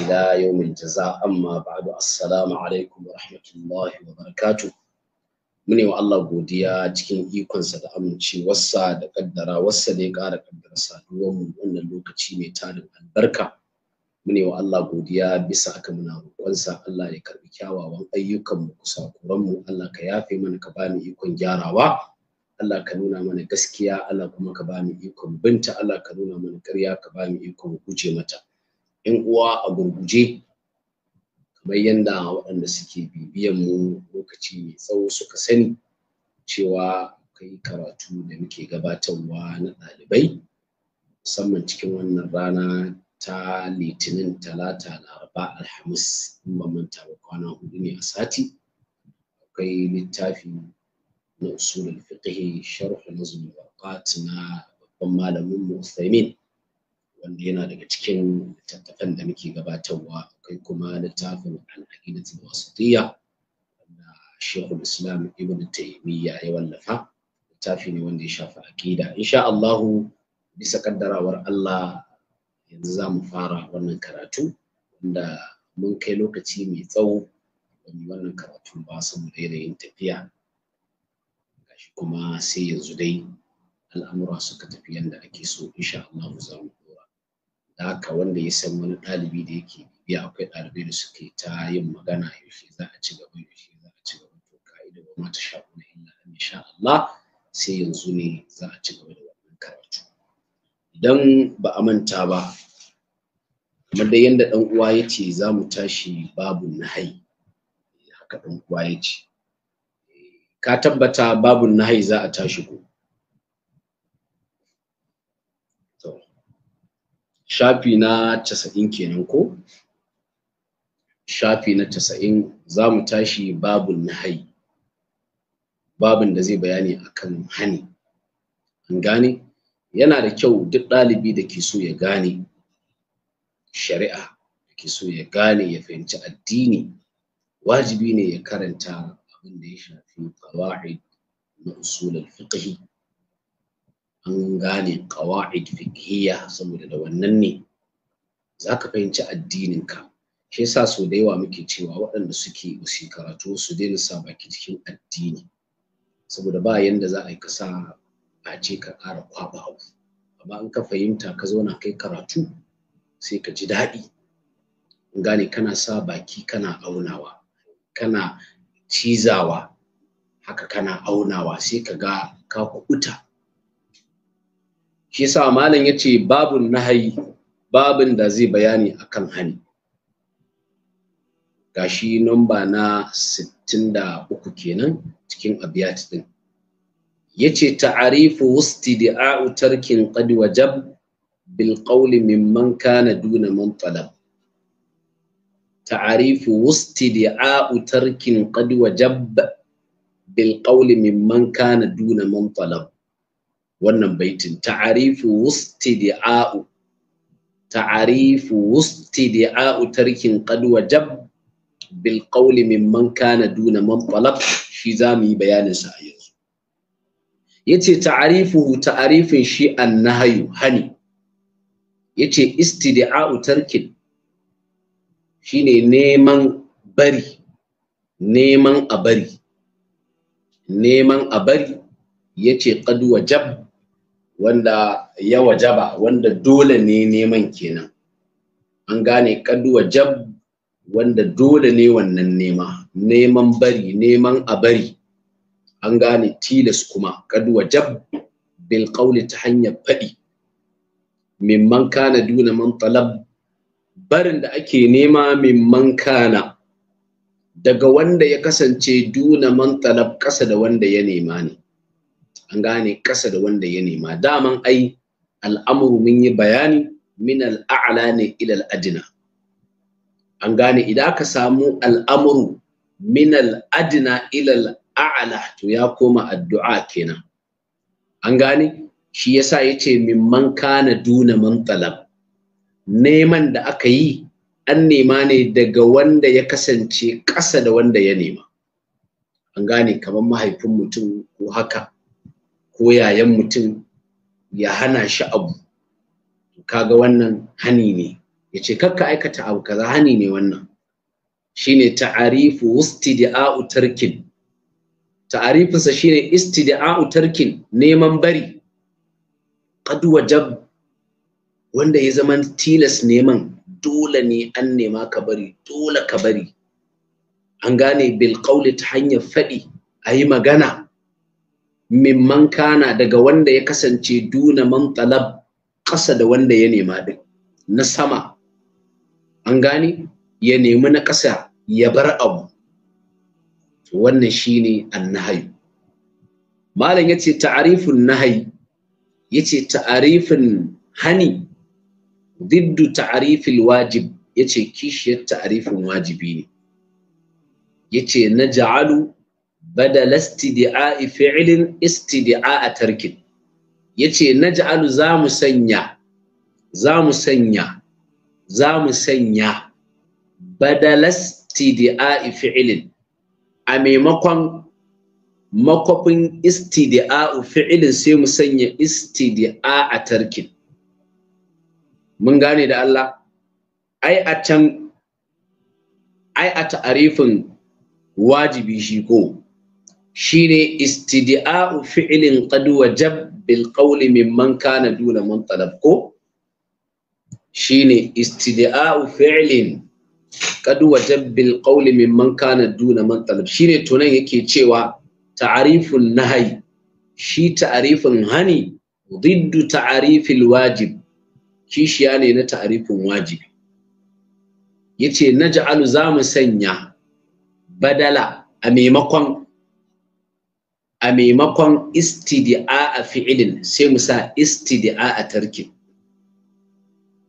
ila yawmin jaza amma ba'du assalamu alaikum wa rahmatullahi wa barakatu. mune wa Allah godiya cikin ikonsa da amincewarsa da kaddara wasa da ya ƙara kaddara saduwar mu wannan lokaci mai tarin albarka mune wa Allah godiya bisa aka muna Allah ya karbi kyawawan ayyukan mu kusa kuran mu Allah ka yafe mana ka bani ikon gyarawa Allah ka nuna mana gaskiya Allah kuma ka bani ikon binta Allah ka nuna mana karya ka bani ikon guje mata 'yan uwa a gurguje kamar yadda waɗanda suke bibiyan mu lokaci mai tsawo suka sani cewa kai karatu da muke gabatarwa na ɗalibai musamman cikin wannan rana ta litinin talata laraba alhamis in ba manta ba kwana hudu ne a sati akwai littafi na usulul fiqh sharh nazm na babban malamin mu usaimin wanda yana daga cikin littattafan da muke gabatarwa akwai kuma littafin al'aqidatul wasatiyya wanda Sheikhul islam ibn Taymiyyah ya wallafa littafi ne wanda ya shafi aqida insha Allah bisa kaddarawar Allah yanzu za mu fara wannan karatu wanda mun kai lokaci mai tsawo wani wannan karatu ba mu daina yin tafiya gashi kuma sai yanzu dai al'amura suka tafi yadda ake so insha Allah za mu da haka wanda ya san wani ɗalibi da yake bibiya akwai ɗalibai da suke ta yin magana yaushe za a ci gaba yaushe za a ci gaba to ka'ida ba kuma ta shafi illa an sha Allah sai yanzu ne za a ci gaba da wannan karatu idan ba a manta ba kamar da yanda ɗan uwa ya ce za mu tashi babu nahai haka ɗan uwa ya ce eh, ka tabbata babu nahai za a tashi ko shafi na casa'in kenan ko shafi na casa'in za mu tashi babun nahayi babun da zai bayani akan hani an gane yana da kyau duk ɗalibi da ke so ya gane shari'a da ke so ya gane ya fahimci addini wajibi ne ya karanta abin da ya shafi qawaid na usulul al an gane qawaid fiqhiyya saboda da wannan ne zaka fahimci addinin ka shi yasa so da yawa muke cewa waɗanda suke su karatu su daina sa baki cikin addini saboda ba yanda za a yi ka sa a ce ka ƙara kwaba abu amma in ka fahimta ka zauna kai karatu sai ka ji daɗi in gane kana sa baki kana aunawa kana cizawa haka kana aunawa sai ka ga ka kuɓuta shi sa malam ya ce babun nahayi babin da zai bayani akan hani gashi namba na 63 kenan cikin abiyat din yace ta'arifu da tarkin qad wajab bil qawli mimman kana duna man talab ta'arifu da tarkin qad wajab bil qawli mimman kana duna man talab wannan baitin ta'arifu wustidia'u. ta'arifu wustidia'u tarkin qad wajab bil qawli mimman kana duna man talab shi zamu yi bayanin sa yanzu yace ta'arifu ta'arifin shi annahyu hani yace istidia'u tarkin shine neman bari neman a bari neman a bari ya ce ƙaduwa wanda ya wajaba wanda dole ne neman kenan an gane kaduwa jab wanda dole ne wannan nema neman bari neman a bari an gane tilas kuma kaduwa jab bil qawli ta hanyar faɗi mimman kana duna man talab barin da ake nema mimman kana daga wanda ya kasance duna man talab ƙasa da wanda ya nema ne an gane ƙasa da wanda ya nema daman ai al'amuru mun yi bayani min al'a'la ne ila adina. an gane idan ka samu al'amuru min al'adina ila al'a'la to ya koma addu'a kenan an gane shi yasa yace man kana duna man talab neman da aka yi an nema ne daga wanda ya kasance ƙasa da wanda ya nema an gane kamar mahaifin mutum ko haka ko yayan mutum ya hana shi abu kaga wannan hani ne ya ce kakka aikata abu kaza hani ne wannan shine ta'arifu istida'u tarkin ta'arifinsa shine istida'u tarkin neman bari qad wajab wanda ya zama tilas neman dole ne an nema ka bari dole ka bari an gane bil qawli ta hanyar faɗi a yi magana mimman kana daga wanda ya kasance duna man talab ƙasa da wanda ya nema din na sama an gane ya nemi na ƙasa ya bar abu wannan shine annahayi malam yace ta'arifun nahayi yace ta'arifin hani diddu ta'rifil wajib yace kishiyar ta'arifin wajibi ne yace naj'alu badal istid'a'i fi'lin istid'a'a tarkin yace naj'alu za mu sanya za mu sanya za mu sanya badal istid'a'i fi'lin a maimakon makwafin istida'u fi'ilin sai mu sanya istida'a a tarkin mun gane da Allah ai a can ai a ta'arifin wajibi shi ko shine istida'u fi'lin qad wajab bil qawli mimman kana duna muntalab ko shine istida'u fi'lin qad wajab bil qawli mimman kana duna muntalab shine to nan yake cewa ta'rifun nahyi shi ta'rifin hani ضد تعريف الواجب kishiya ne na ta'arifin wajibi yace za mu sanya badala a maimakon a maimakon istidi'a a fi'ilin sai mu sa istidi'a a tarkin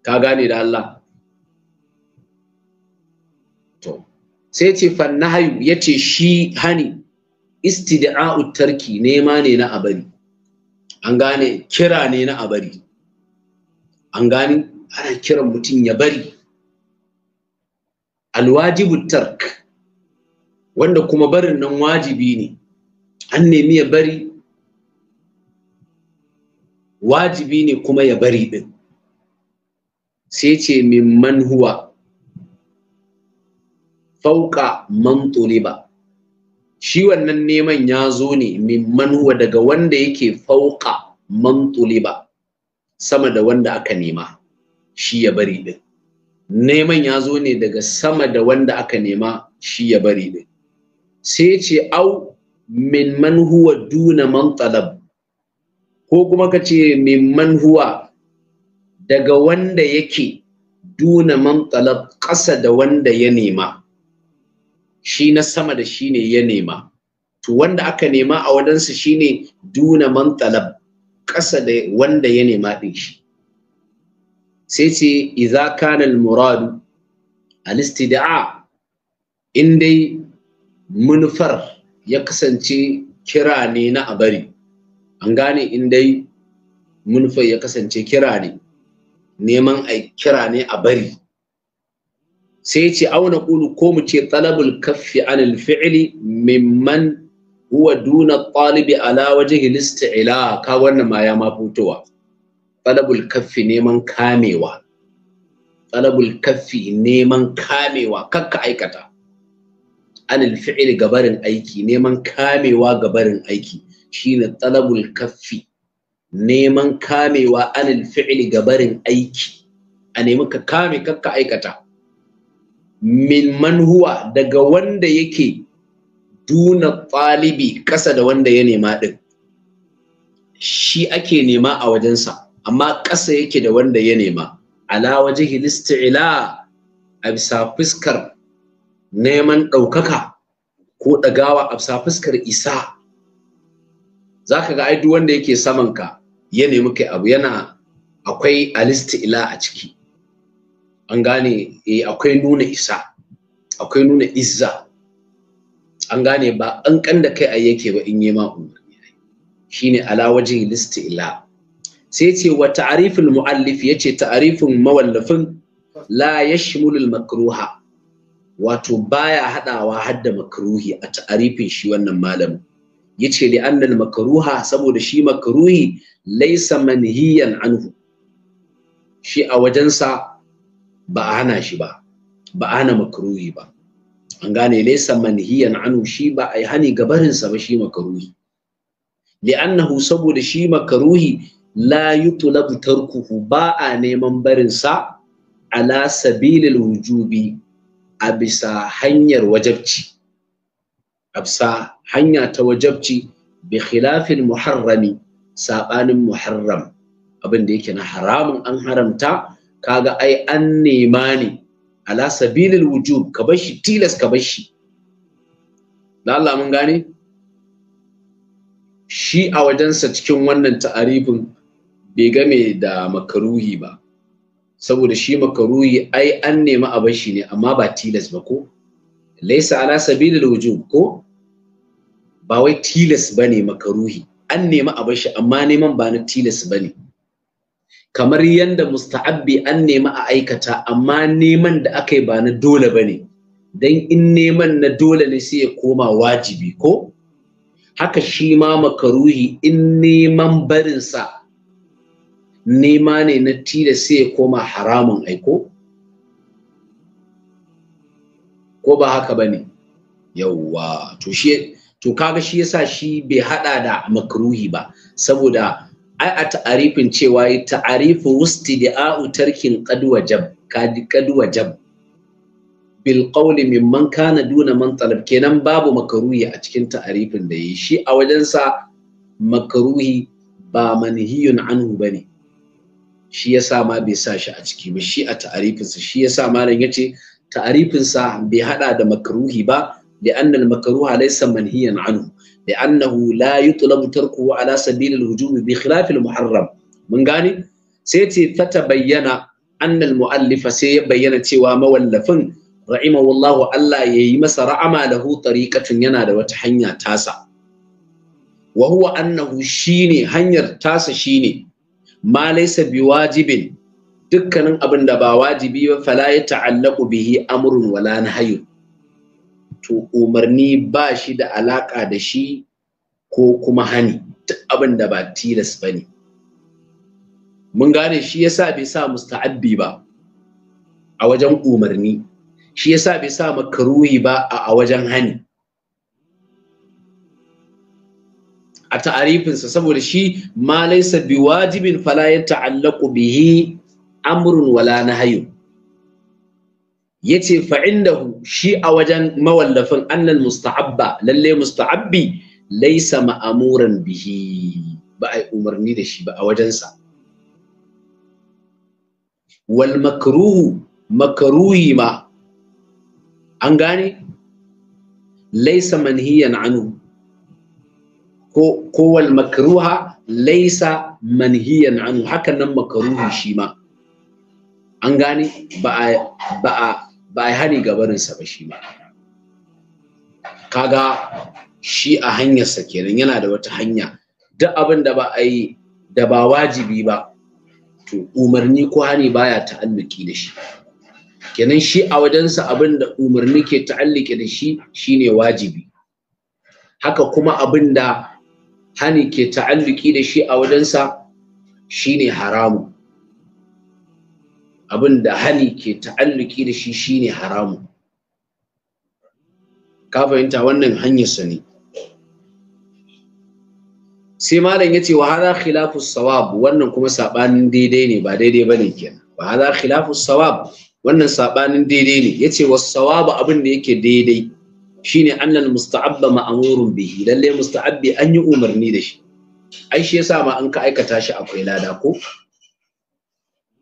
ka gane da Allah to sai ce fannahayu ya ce shi hani a tarki nema ne na abari an gane kira ne na abari an gane ana kiran mutum ya bari alwajibu tark wanda kuma barin nan wajibi ne an nemi ya bari wajibi ne kuma ya bari din sai ce min manhuwa fauka man shi wannan neman ya zo ne min manhuwa daga wanda yake fauka man sama da wanda aka nema shi ya bari din neman ya zo ne daga sama da wanda aka nema shi ya bari din sai ce au min man huwa duna man talab ko kuma ka ce min man huwa daga wanda yake duna man talab ƙasa da wanda ya nema shi na sama da shi ne ya nema to wanda aka nema a wadansa shine duna man talab ƙasa da wanda ya nema ɗin shi sai ce iza kana al muradu al istida'a in dai munfar ya kasance kira ne na a bari an gane in dai munfai ya kasance kira ne neman a kira ne a bari sai ce auna ƙulu ko mu ce talabul kaffi anil fi'li mimman huwa duna talibi ala wajhi listi'la ka wannan ma ya ma fitowa talabul kaffi neman kamewa talabul kaffi neman kamewa kakka aikata anil fi'il gabarin aiki neman kamewa gabarin aiki shine talabul kaffi neman kamewa anil fi'il gabarin aiki a nemi ka kame kakka aikata min manhuwa daga wanda yake duna talibi kasa da wanda ya nema din shi ake nema a wajensa amma kasa yake da wanda ya nema ala waje ila a bisa fuskar neman ɗaukaka ko ɗagawa a fuskar isa za ka ga duk wanda yake saman ka ya nemi kai abu yana akwai ila a ciki an gane eh akwai nuna isa akwai nuna izza an gane ba an da kai a yake ba in yi ma umarni shine ala listi ila. sai ce wa ta'riful muallif yace ta'arifin mawallafin la yashmulul makruha wato baya hadawa hadda makruhi a ta'arifin shi wannan malamin yace li annal makruha saboda shi makruhi laysa manhiyan anhu shi a wajensa ba a hana shi ba ba a hana makruhi ba an gane laysa manhiyan anhu shi ba a hani sa ba shi makruhi li'annahu saboda shi makruhi la yutlabu tarkuhu ba a neman barinsa ala sabilil wujubi a bisa hanyar wajabci a bisa hanya ta wajabci bi khilafin muharrami saɓanin muharram abin da yake na haramun an haramta kaga ai an nema ne ala sabilil wujub ka bar tilas ka bar shi da Allah mun gane shi a wajensa cikin wannan ta'arifin bai game da makaruhi ba saboda shi makaruhi ai an nemi a shi ne amma ba tilas ba ko laisa ala sabilil wujub ko ba wai tilas bane makaruhi an nemi a shi amma neman ba na tilas bane kamar yadda musta'abbi an nemi a aikata amma neman da aka yi ba na dole bane dan in neman na dole ne sai ya koma wajibi ko haka shi ma makaruhi in neman barinsa nema ne na tilas sai ya koma haramun aiko ko ba haka ba ne to shi to kaga shi yasa shi bai hada da makruhi ba saboda ai a ta'arifin cewa ta'arifu wustida'u tarkin qad wajab qad jab bil qawli mimman kana duna man talab kenan babu makruhi a cikin ta'arifin da yi shi a wajensa makruhi ba manhiyun anhu bane shi ya sa ma bai sa shi a ciki ba shi a ta'arifinsa shi ya sa malam ya ce ta'arifinsa bai haɗa da makaruhi ba da annal makaruha laysa manhiyan anhu da annahu la yutlabu tarku ala sabil alhujum bi khilaf almuharram mun gane sai ce bayyana, tabayyana annal muallifa sai ya bayyana cewa mawallafin rahimahullahu Allah ya yi masa ra'ama lahu tariqatun yana da wata hanya tasa wa huwa annahu shine hanyar tasa shine ma laysa wajibin, dukkanin abin da ba wajibi ba fala ya ta'allaqu bihi amrun wala nahyun to umarni ba shi da alaka da shi ko kuma hani duk abin da ba tilas bane mun gane shi yasa bai sa musta'abbi ba a wajen umarni shi yasa bai sa makaruhi ba a wajen hani a ta'arifinsa saboda shi ma bi wajibin fala ta'allaku bihi amrun wala nahyun yace fa indahu shi a wajen mawallafin annal musta'abba lalle musta'abbi laisa ma'amuran bihi ba ai umarni da shi ba a wajensa wal makruhu makruhi ma an gane Laisa manhiyan anhu ko kowal makruha laisa manhiyan anhu Haka nan makruhi shi ma an gane ba a ba a ba a hani sa ba shi ma kaga shi a hanyarsa kenan yana da wata hanya duk abin da ba a yi da ba wajibi ba to umarni ko hani baya ta'alluki da shi kenan shi a wajensa abin da umarni ke ta'alluki da shi shine wajibi haka kuma abin da hani ke ta'alluki da shi a wajensa shine haramu abin da hani ke ta'alluki da shi shine haramu ka fahimta wannan hanyar sa ne sai malam ya ce wa hada sawab wannan kuma sabanin daidai ne ba daidai bane kenan wa hada sawab wannan sabanin daidai ne yace was Sawabu abin da yake daidai shine annal musta'abba ma'amurun bihi lalle musta'abbi an yi umarni da shi ai shi yasa ma an ka aikata shi akwai lada ko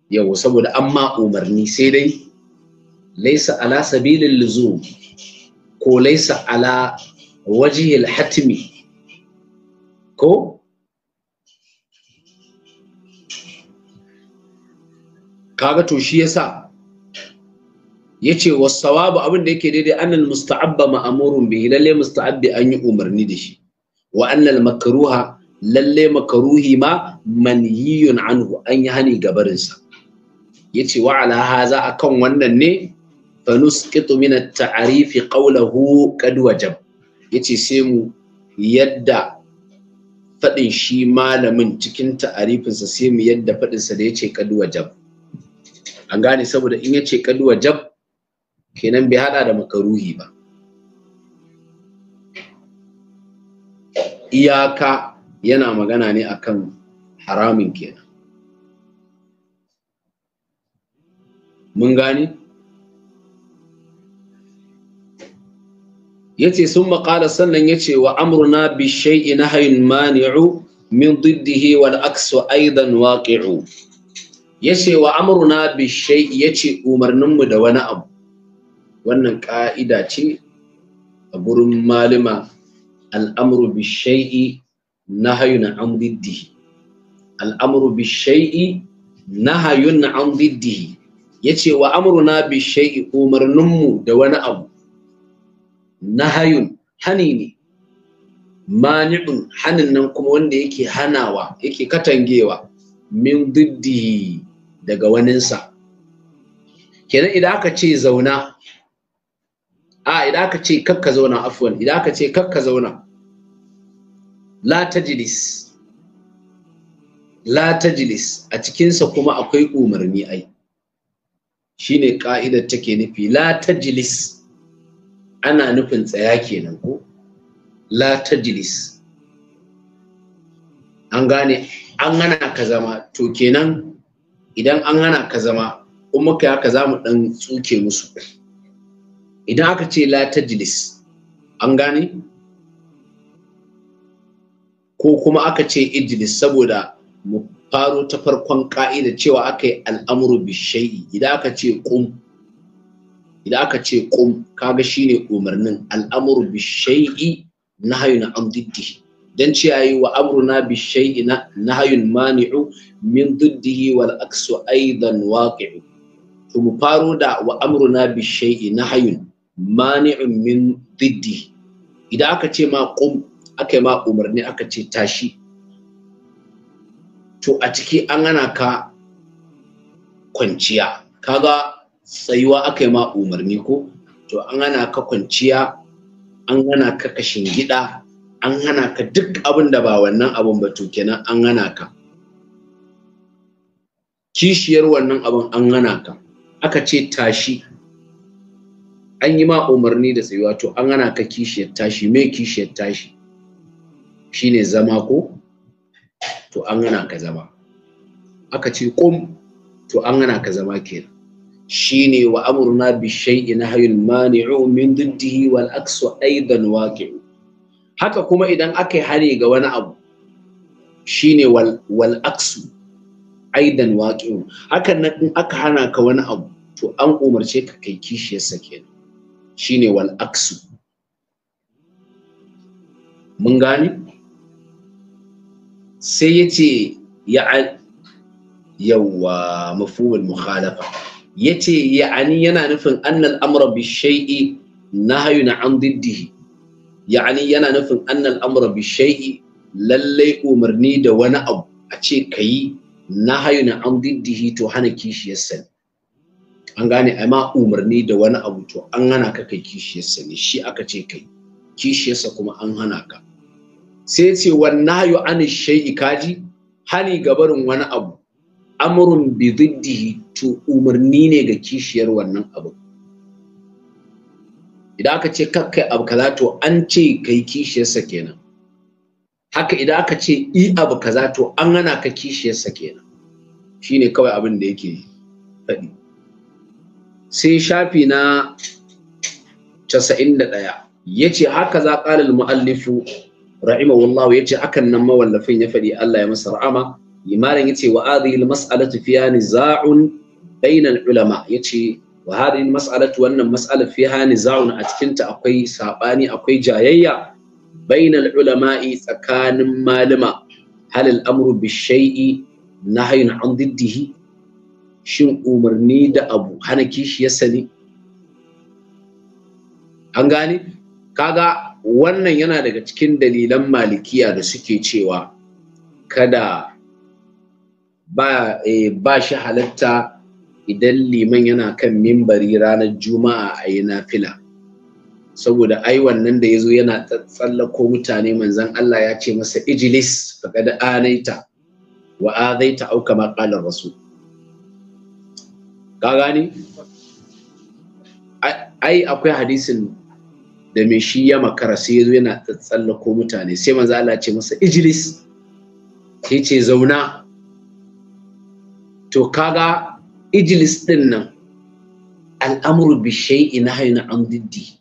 yawo saboda an ma umarni sai dai laisa ala sabilin luzum ko laisa ala wajihil hatmi ko kaga to shi yasa yace wa sawabu abin da yake daidai annal musta'abba ma'amurun bihi lalle musta'abbi an yi umarni da shi wa annal lallai lalle makruhi ma manhiyun anhu an yi hani gabarin sa yace wa ala haza akan wannan ne fa nusqitu min at-ta'rif qawluhu qad wajab yace sai mu yadda faɗin shi malamin cikin ta'arifinsa sai mu yadda faɗinsa da ya ce wajab an gane saboda in yace kadwajab. wajab kenan bai hada da makaruhi ba iyaka yana magana ne akan haramin kenan mun gani yace sun maƙala sannan yace wa amruna bi shay'in nahyun mani'u min diddihi wal aksu aidan waqi'u yace wa amruna bi shay'i yace umarninmu da wani abu wannan ƙa'ida ce a gurin malima al'amuru bishai'i na hayun an diddihi al'amuru bishai'i na hayun an diddihi ya ce wa na bishai'i umarninmu da wani abu na hayun hani ne mani'un hanin nan kuma wanda yake hanawa yake katangewa min diddihi daga waninsa kenan idan aka ce zauna a idan aka ce kakka zauna afwan idan aka ce kakka zauna la tajlis la tajlis a cikinsa kuma akwai umarni ai shine ka'idar take nufi la tajlis ana nufin tsaya kenan ko la tajlis an gane an gana ka zama to kenan idan an gana ka zama kuma muka haka za mu dan tsuke musu idan aka ce la tajlis an gane ko kuma aka ce ijlis saboda mu faro ta farkon ka'ida cewa aka yi al'amuru bishai idan aka ce kum idan aka ce kum kaga shine umarnin al'amuru bishai nahayun an diddihi dan ce yayi wa amruna bishai nahyun mani'u min diddihi wal aksu aidan waqi'u to mu faro da wa amruna bishai hayun. mani'un min diddi idan aka ce ma kum aka yi ma umarni aka ce tashi to a ciki an gana ka kwanciya kaga tsayuwa aka yi ma umarni ko to an gana ka kwanciya an gana ka kashin gida an gana ka duk abin da ba wannan abin ba to kenan an gana ka kishiyar wannan abin an gana ka aka ce tashi an yi ma umarni da tsayuwa to an ana ka kishiyar tashi me kishiyar tashi shine zama ko to an ana ka zama aka ce kum to an ana ka zama kenan shine wa amruna bi shay'in hayyul mani'u min diddihi wal aksu aidan waqi'u haka kuma idan aka yi hare ga wani abu shine wal wal aksu aidan waqi'u hakan nan in aka hana ka wani abu to an umarce ka kai sa kenan shine wal aksu mun gani? sai ya ce yace ya'ani yana nufin annal amra bi hayu na an diddihi ya'ani yana nufin annal amra bi umarni da wani abu a ce kayi na an diddihi to hana kishiyar sani an gane ai ma umarni da wani abu to an hana ka kai kishiyarsa ne shi aka ce kai kishiyarsa kuma an hana ka sai ce yu an shay'i kaji hani ga barin wani abu amrun bi diddihi to umarni ne ga kishiyar wannan abu idan aka ce kakkai abu kaza to an ce kai kishiyarsa kenan haka idan aka ce i abu kaza to an hana ka kishiyarsa kenan shine kawai abin da yake faɗi sai shafi na 91 yace haka za qala al-muallifu rahimahullah yace akan nan mawallafin ya faɗi Allah ya masa rahama imanin yace wa hadhihi al-mas'alatu fiha niza'un bayna al Ya ce wa hadhihi al-mas'alatu wannan mas'ala fiha niza'un a cikin ta akwai sabani akwai jayayya bayna al-ulama'i tsakanin malama hal al-amru bi shay'i nahyun an diddihi shin umarni da abu hana kishi ya sani an gane kaga wannan yana daga cikin dalilan malikiya da suke cewa kada ba, e, ba shi halatta idan liman yana kan mimbari ranar juma'a a yi nafila saboda ai wannan da ya zo yana tsallako mutane manzan Allah ya ce masa ijilis da anaita wa azaita auka maƙalar rasul ka gani? ai akwai hadisin da mai shi ya makara sai ya zo yana tsallako mutane sai manzo Allah ce masa ijlis sai ce zauna to kaga ijlis din nan al'amru bi shay'i nahyun an diddi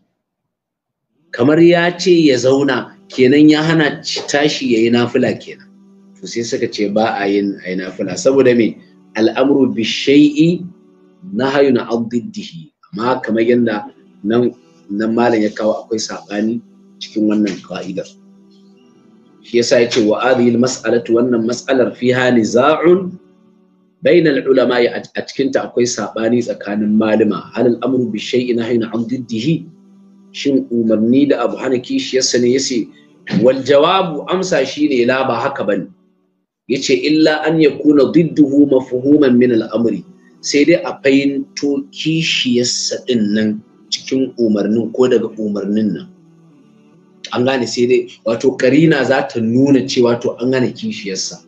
kamar ya ce ya zauna kenan ya hana tashi yayi nafila kenan to sai suka ce ba a yin ai nafila saboda me al'amru bi shay'i nahayun addiddihi amma kamar yadda nan nan malam ya kawo akwai sabani cikin wannan ka'idar shi yasa yace wa hadhihi mas'alatu wannan mas'alar fiha niza'un bainal ulama a cikin ta akwai sabani tsakanin malama hal al-amru bi shay'in nahayun addiddihi shin umarni da abu hana kishiyarsa ne yace wal jawabu amsa shine la ba haka bane yace illa an yakuna didduhu mafhuman min al-amri sai dai a fahimto kishiyarsa ɗin nan cikin umarnin ko daga umarnin nan an gane sai dai wato karina za ta nuna cewa to an gane kishiyarsa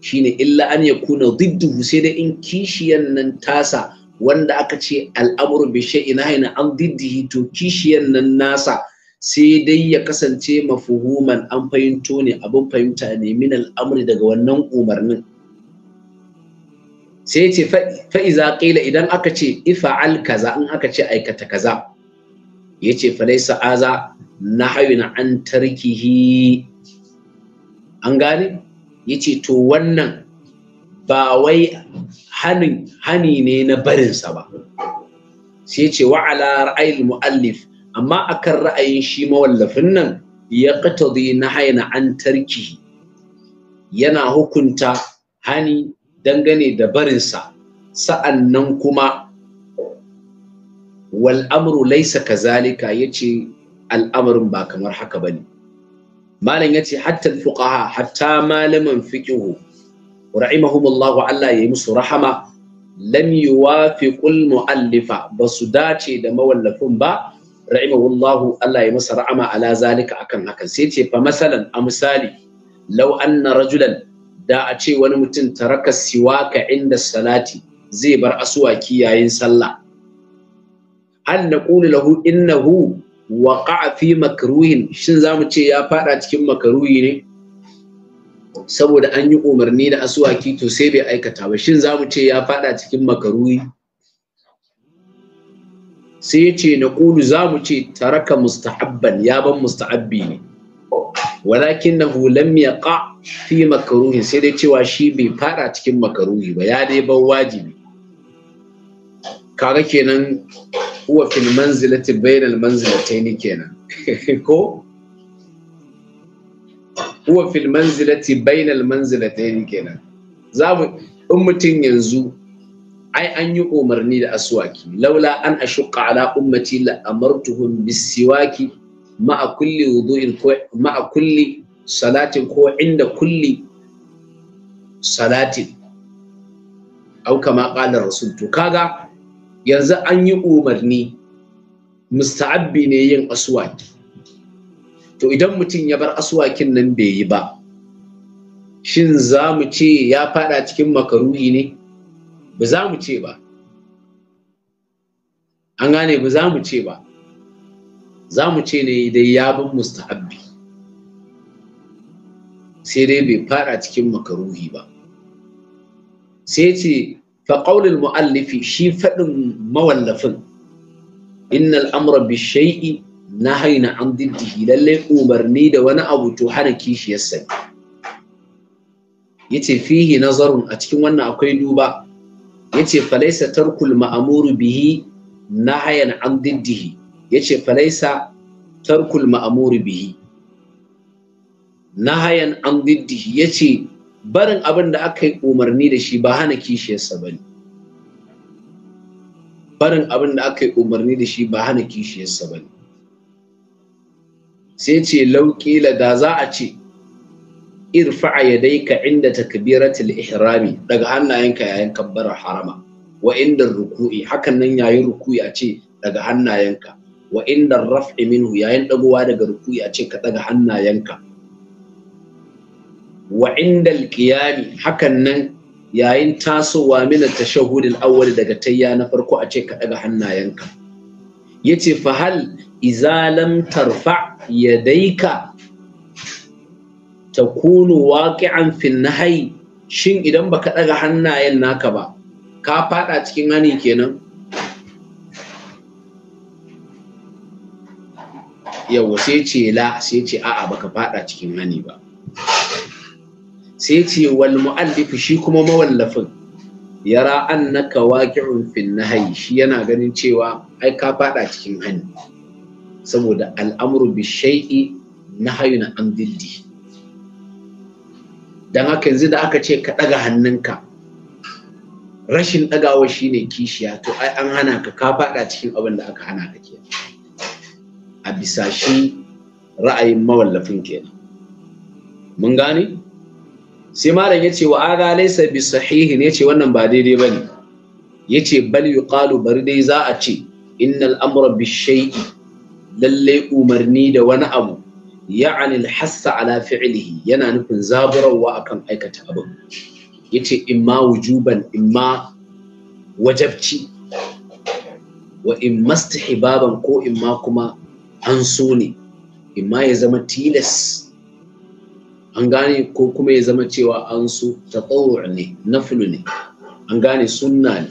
shine illa an ya kuna didduhu sai dai in kishiyar nan tasa wanda aka ce al'amuru bi ina haina an diddihi to kishiyar nan nasa sai dai ya kasance mafuhuman an fahimto ne abin fahimta ne min al'amuri daga wannan umarnin sai ce fa'iza ƙila idan aka ce ifa'al kaza in aka ce aikata kaza ya ce falaisa aza na hayuna an tarkihi an ya ce to wannan ba wai hani ne na barinsa ba sai ce wa'ala ra'ayin mu'allif amma akan ra'ayin shi mawallafin nan ya ƙatadi na hayana an tarkihi yana hukunta hani dangane da barinsa nan kuma Wal'amru Laisa laysa ya yace al'amurin ba kamar haka bane malam yace hatta fuqaha hatta malaman fiƙihu rahimahumullahu Allah yayi musu rahama lam yuwafiqul muallifa basu dace da mawallafin ba rahimahullahu Allah ya musu ra'ama ala zalika akan hakan sai ce fa masalan a misali law anna rajulan da a ce wani mutum taraka siwaka inda salati zai bar asuwaki yayin sallah an naqulu lahu innahu waqa'a fi makruhin shin zamu ce ya fada cikin makruhi ne saboda an yi umarni da asuwaki to sai bai aikata ba shin zamu ce ya fada cikin makruhi sai ya ce za zamu ce taraka mustahabban ya ban mustahabbi ne walakinahu lam yaqa fi makruhin sai dai cewa shi bai fara cikin makaruhi ba ya dai ban wajibi kaga kenan huwa fil manzilati bainal manzilatayn kenan ko huwa fil manzilati bainal manzilatayn kenan mu in mutum yanzu ai an yi umarni da aswaki laula an ashuqa ala ummati la amartuhum bisiwaki ma'a kulli wudu'in ko ma'a kulli salatin ko inda kulli salatin au kama qala rasul to kaga yanzu an yi umarni musta'abbi ne yin aswaki to idan mutum ya bar aswakin nan bai yi ba shin za mu ce ya fada cikin makaruhi ne ba za mu ce ba an gane ba za mu ce ba za mu ce ne dai ya bin mustahabbi sai dai bai fara cikin makaruhi ba sai ce faƙaunin mu'allifi shi faɗin mawallafin innal amra bi shay'i nahayna an diddihi lalle umarni da wani abu to hana kishiyarsa yace fihi nazarun a cikin wannan akwai duba yace falaisa tarkul ma'amuru bihi nahayan an diddihi yace falaisa tarkul ma'amuri bihi nahayan an diddihi yace barin abin da aka yi umarni da shi ba hana kishiyarsa ba ne barin abin da aka yi umarni da shi ba hana kishiyarsa ba ne sai ce lauƙila da za a ce irfa'a ya dai ka inda takbiratul ihrami daga hannayenka yayin kabbarar harama wa inda ruku'i hakan nan yayin ruku'i a ce daga hannayenka wa inda raf'i minhu yayin dagowa daga ruku'i ce ka daga hannayenka wa inda alqiyami hakan nan yayin tasowa min at-tashahhud al-awwal daga tayya na farko a ce ka daga hannayenka yace fa hal idza lam tarfa yadayka takunu waqi'an fi nahyi shin idan baka daga hannayen naka ba ka fada cikin hani kenan yawa sai ce la sai ce a'a baka fada cikin hani ba sai ce wal mu'allif shi kuma mawallafin yara annaka waqi'un fil nahyi shi yana ganin cewa ai ka fada cikin hani saboda al'amru bi shay'i nahyun an dilli dan haka yanzu da aka ce ka daga hannunka rashin dagawa shine kishiya to ai an hana ka ka fada cikin abin da aka hana ka kenan a bisa shi ra'ayin mawallafin kenan mun gane sai malam yace wa ada laysa bi sahihi ne yace wannan ba daidai bane yace bal yuqalu bari dai za a ce innal amra bi shay'i lalle umarni da wani abu ya'ani al-hassa ala fi'lihi yana nufin zaburawa akan aikata abin yace imma wujuban imma wajabci wa imma istihbaban ko imma kuma an so ne imma ya zama tilas an gane ko kuma ya zama cewa an so tsatsawar ne naflu ne an gane sunna ne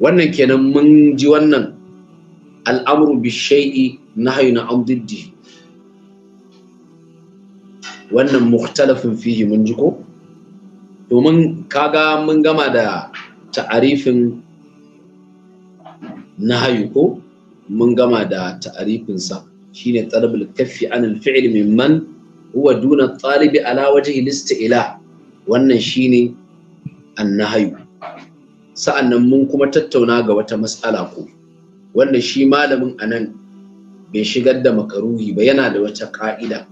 wannan kenan mun ji wannan al'amuru bishai na hayu na amdiddi wannan mukhtalafin fihi mun ji ko domin kaga mun gama da ta'arifin na hayu ko mun gama da ta'arifinsa shine talabul kaffi an al mimman huwa duna talibi ala wajhi al ila. wannan shine annahyu sa'annan mun kuma tattauna ga wata mas'ala ko Wannan shi malamin anan bai shigar da makaruhi ba yana da wata ka'ida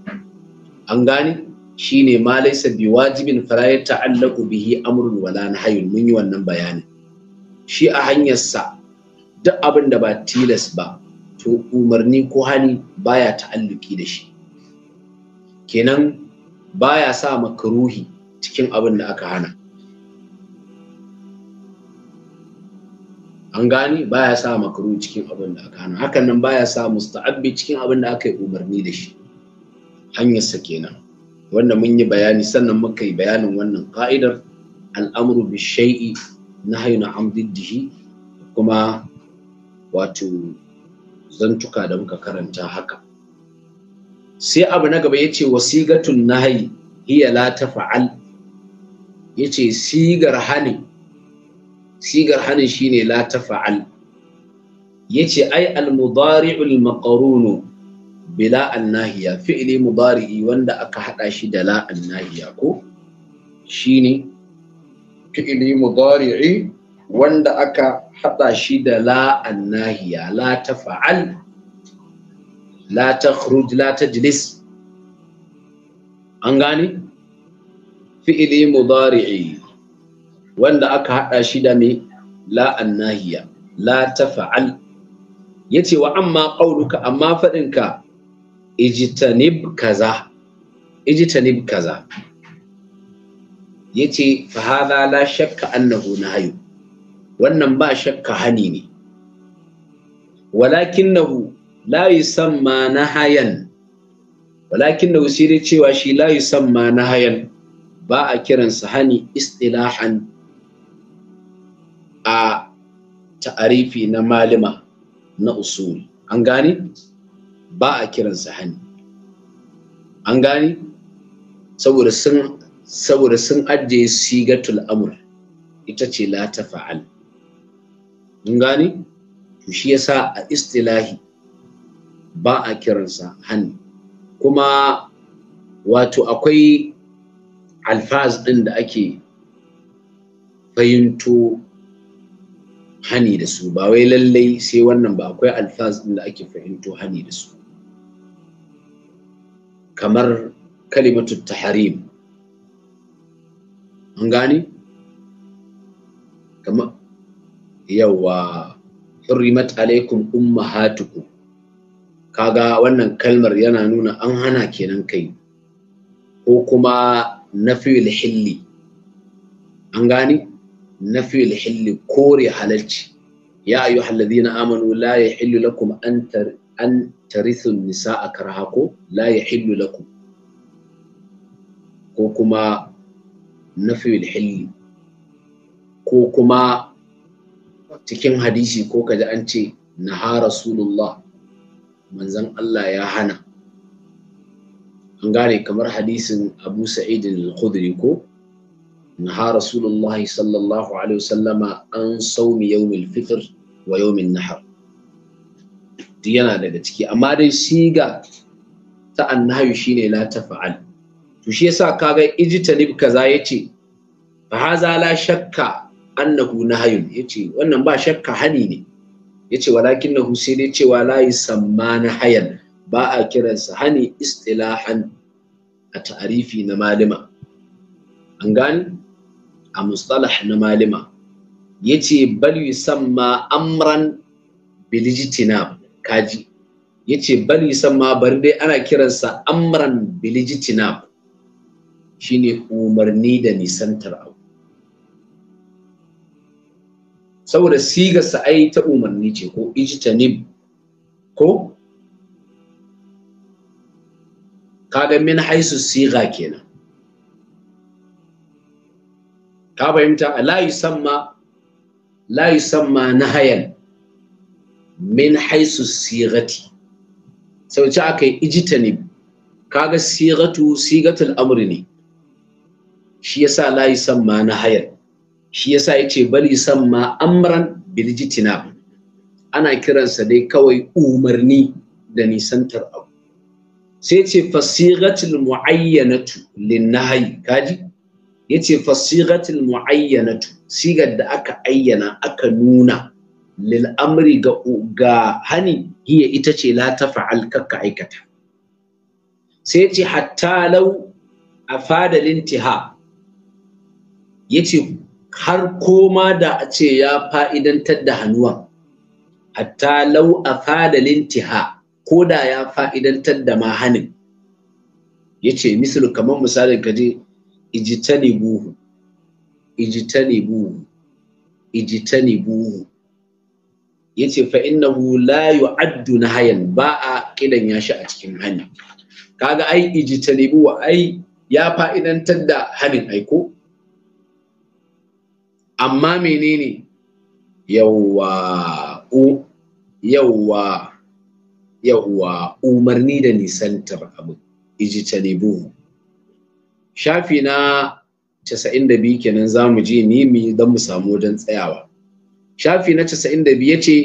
an gane shine ma laisa bi wajibin fala ta'allaku bihi amrun wala nahyun mun yi wannan bayani shi a hanyarsa duk abin da ba tilas ba to umarni ko hani baya ta'alluki da shi kenan baya sa makaruhi cikin abin da aka hana an gani baya sa makaruhi cikin abin da aka hana hakan nan baya sa musta'abbi cikin abin da aka yi umarni da shi hanyarsa kenan wanda mun yi bayani sannan muka yi bayanin wannan ka'idar al'amru bi shay'i nahyun na kuma wato zantuka da muka karanta haka sai abu na gaba yace wasigatun nahi hiya la tafa'al yace sigar hani sigar hani shine la tafa'al yace ai al-mudari'ul maqrun bila annahiya fi'li mudari'i wanda aka hada shi da la annahiya ko shine fi'li mudari'i wanda aka haɗa shi da la annahiya la ta fa'al la ta khruj la ta jilis an gane fi'ili mudari'i wanda aka haɗa shi da me la annahiya la ta fa'al Ya ce wa amma qauluka amma faɗinka ijitanib kaza ijtanib kaza yace fa hadha la shakka annahu na nahyu wannan ba shakka hani ne walakinnahu la yusamma nahayan walakinnahu sai dai cewa shi la yusamma hayan, ba a kiransa hani istilahan a ta'arifi na malima na usul an gane ba a kiransa hani an gane saboda sun saboda sun ajiye sigatul amr ita ce la fa'al mun gane to shi yasa a istilahi ba a kiransa hannu kuma wato akwai alfaz ɗin da ake fahimto hani da su ba wai lallai sai wannan ba akwai alfaz ɗin da ake fahimto hani da su kamar kalimatu taharim an gane kamar yawa hurrimat alaikum ummahatukum kaga wannan kalmar yana nuna an hana kenan kai ko kuma nafil hilli an gani nafil hilli kore halalci ya ayu halladhina amanu la yahillu lakum an tar an tarithu nisaa karahako la yahillu lakum ko kuma nafil hilli ko kuma cikin hadisi ko kaji an ce naha rasulullah manzon Allah ya hana an gane kamar hadisin Abu Sa'id al-Khudri ko naha rasulullah sallallahu alaihi wasallama an saumi yawmil fitr wa yawmin nahar yana daga ciki amma dai siga ta annahu shine la tafa'al to shi yasa kaga ijtanib kaza yace fa haza la shakka annahu nahayun yace wannan ba shakka hani ne yace walakinahu sai dai cewa la yusamma nahayan ba a kiransa hani istilahan a ta'arifi na malima an gani a mustalah na malima yace bal yusamma amran bilijitinab kaji yace bal yusamma bari dai ana kiransa amran bilijitina shine umarni da nisantar abu saboda sigar sa ai ta umarni ce ko ijtanib ko kaga min haisu siga kenan ka fahimta la yusamma la yusamma nahayan min haisu sigati sau ce aka yi ijtanib kaga sigatu sigatul amri ne shi yasa la yusamma nahayan shi yasa yace bali san ma amran biljitina ana kiransa dai kawai umarni da nisantar abu sai ce fasighatul muayyanatu nahyi kaji yace fasighatul muayyanatu sigar da aka ayyana aka nuna lil amri ga ga hani hiya ita ce la tafa'al kakka aikata sai ce hatta law afada lintiha yace har koma da a ce ya fa'idantar da hannuwan hatta lau a fadalin tiha ko da ya fa'idantar da ma hannun ya ce misali kamar misalin ka ijita ne buhu ne buhu ne buhu ya ce fa'innahu la addu na hayan ba a kidan ya shi a cikin hanyar kaga ai ne buhu ai ya fa'idantar da hannun aiko amma menene yauwa u yauwa yauwa umarni da nisantar abu ijtanibu shafi na 92 kenan zamu je ni mu don mu samu dan tsayawa shafi na 92 ce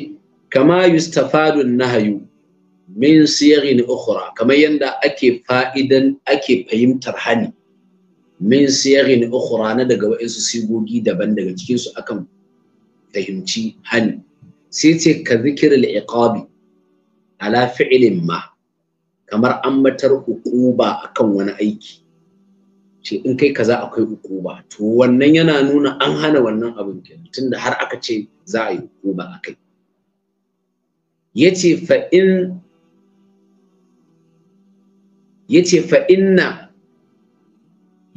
kama yustafadu nahayu min siyarin ukhra kamar yadda ake fa'idan ake fahimtar hani min siyaghin ukhra na daga wa'insu sigogi daban daga cikinsu akan fahimci hani sai ce ka zikiril iqabi ala fi'lin ma kamar an matar ukuba akan wani aiki ce in kai kaza akwai ukuba to wannan yana nuna an hana wannan abin kenan tunda har aka ce za a yi ukuba akai yace fa in yace fa inna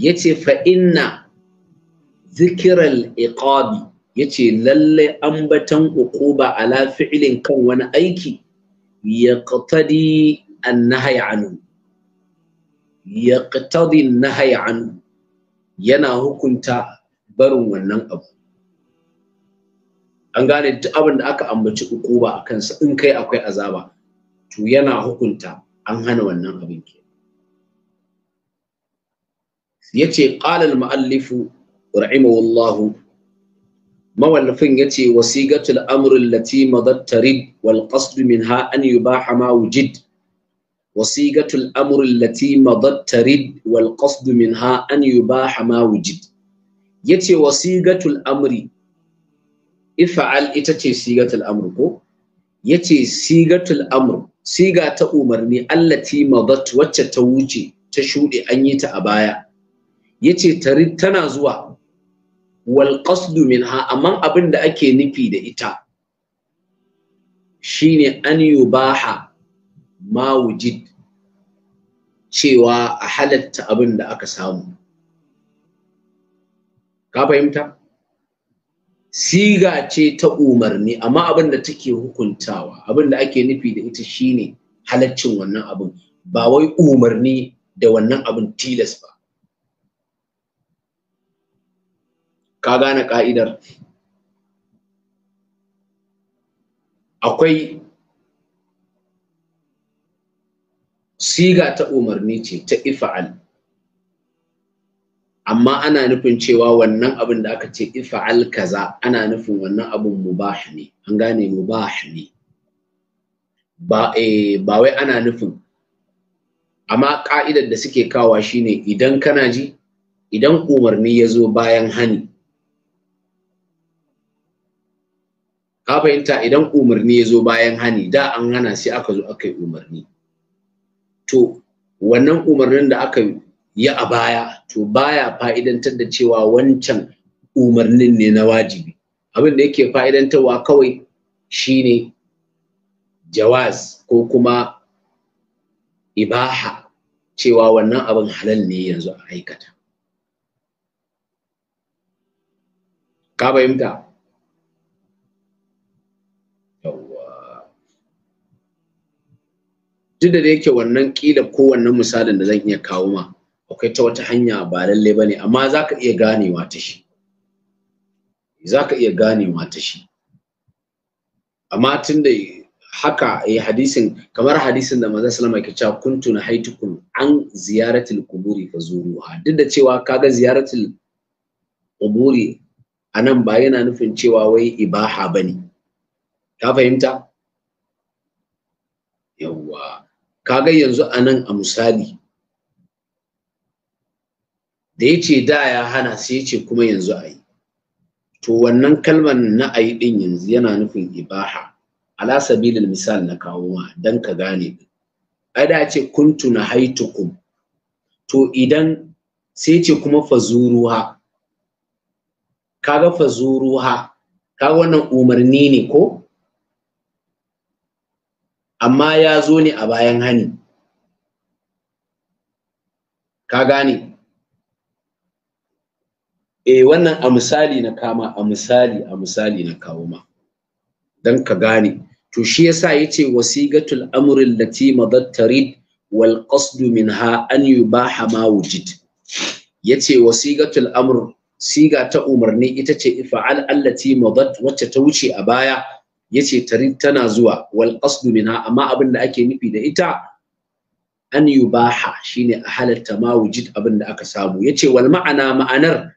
yace fa inna zikiral iqabi yace lalle ambatan uquba ala fi'lin kan wani aiki yaqtadi an-nahy anhu yaqtadi anhu yana hukunta barin wannan abu an gane duk abin da aka ambaci uquba akan sa in kai akwai azaba to yana hukunta an hana wannan abin ke yace qala al muallifu rahimahullahu mawallafin yace wasigatul amr allati madat tarid wal qasd minha an yubaha ma wujid wasigatul amr allati madat tarid wal qasd minha an yubaha ma wujid yace wasigatul amri ifa'al ita ce sigatul amr ko yace sigatul amr siga ta umarni allati madat wacce ta wuce ta shuɗe an yi ta a baya yace tari tana zuwa wal qasdu minha amma abin da ake nufi da ita shine an yubaha ma wujid cewa a halatta abin da aka samu ka fahimta siga ce ta umarni amma abin da take hukuntawa abin da ake nufi da ita shine halaccin wannan abin ba wai umarni da wannan abin tilas ba ka gane ka'idar akwai siga ta umarni ce ta ifa'al amma ana nufin cewa wannan abin da aka ce ifa'al kaza ana nufin wannan abin mubah ne an gane mubah ne ba eh ba wai ana nufin amma ka'idar da suke kawa shine idan kana ji idan umarni ya zo bayan hani ka fahimta idan umarni ya zo bayan hani da an hana sai aka zo aka yi umarni to wannan umarnin da aka yi a baya to baya fa'idantar da cewa wancan umarnin ne na wajibi abin da yake fa'idantarwa kawai shine jawaz ko kuma ibaha cewa wannan abin halal ne yanzu a aikata ka fahimta duk da yake wannan kila ko wannan misalin da zan iya kawo ma akwai ta wata hanya ba lalle bane amma zaka iya ganewa ta shi zaka iya ganewa ta shi amma tunda haka eh hadisin kamar hadisin da maza sallama yake cewa kuntu haitukum an kuburi fa zuruha duk da cewa kaga ziyaratil a anan ba yana nufin cewa wai ibaha bane ka fahimta yawwa kaga yanzu anan a misali da ya ce da ya hana sai ya ce kuma yanzu a yi to wannan kalmar na a yi ɗin yanzu yana nufin ibaha ala sabilin misal na kawo ma don ka gane ai da ce kuntu na haitukum to idan sai ce kuma fazuruha kaga fazuruha kaga wannan umarni ne ko amma ya zo ne a bayan hani ka gane e wannan a misali na kama a misali a misali na kawo ma don ka gane to shi yasa yace wasigatul amri allati madat tarid wal qasd minha an yubaha ma wujid yace wasigatul amr siga ta umarni ita ce ifa'al allati madat wacce ta wuce a baya yace tari tana zuwa wal qasdu minha amma abin da ake nufi da ita an yubaha shine a halatta ma wujid abin da aka samu yace wal ma'ana ma'anar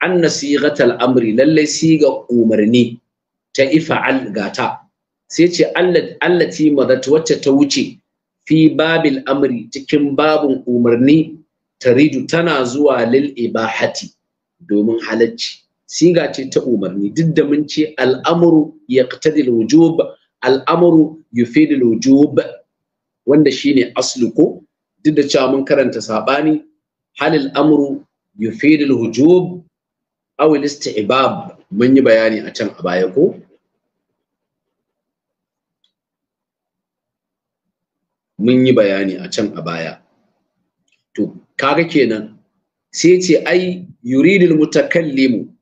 anna sighatal amri lalle siga umarni ta ifa'al gata sai ce allati madat wacce ta wuce fi babil amri cikin babun umarni taridu tana zuwa lil ibahati domin halacci siga ce ta umarni duk da mun ce al'amuru yaqtadi al-wujub al'amuru yufidu al-wujub wanda shine aslu ko duk da cewa mun karanta saɓani, Halil al-amru yufidu al-wujub aw al mun yi bayani a can a baya ko mun yi bayani a can a baya to kaga kenan sai ce ai yuridul mutakallimu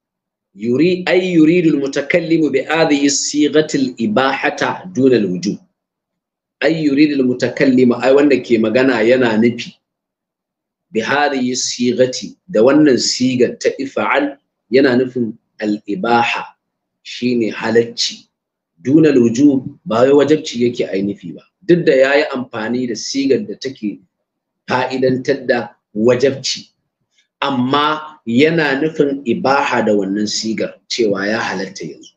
yuri ay yuridu almutakallimu bi hadhihi sighati al-ibahata duna al-wujub ay yuridu wanda ke magana yana nufi bi hadhihi sighati da wannan sigar ta if'al yana nufin al-ibaha shine halacci duna wuju ba wai wajabci yake ai nufi ba duk da ya yi amfani da sigar da take fa'idantar da wajabci amma yana nufin ibaha da wannan sigar cewa ya halatta yanzu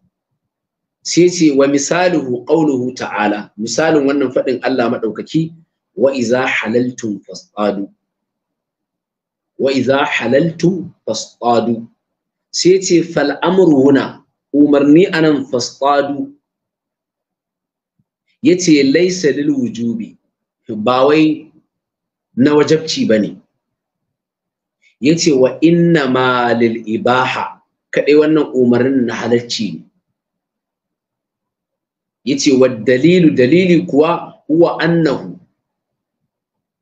sai ce wa misaluhu qauluhu ta'ala misalin wannan fadin Allah madaukaki wa iza halaltum fasadu wa iza halaltum fasadu sai ce fal amru huna umarni anan fasadu yace laysa lil wujubi ba wai na wajabci bane yace wa inna ma lil ibaha kadai wannan umarnin na halarci ne yace wa dalilu dalili kuwa huwa annahu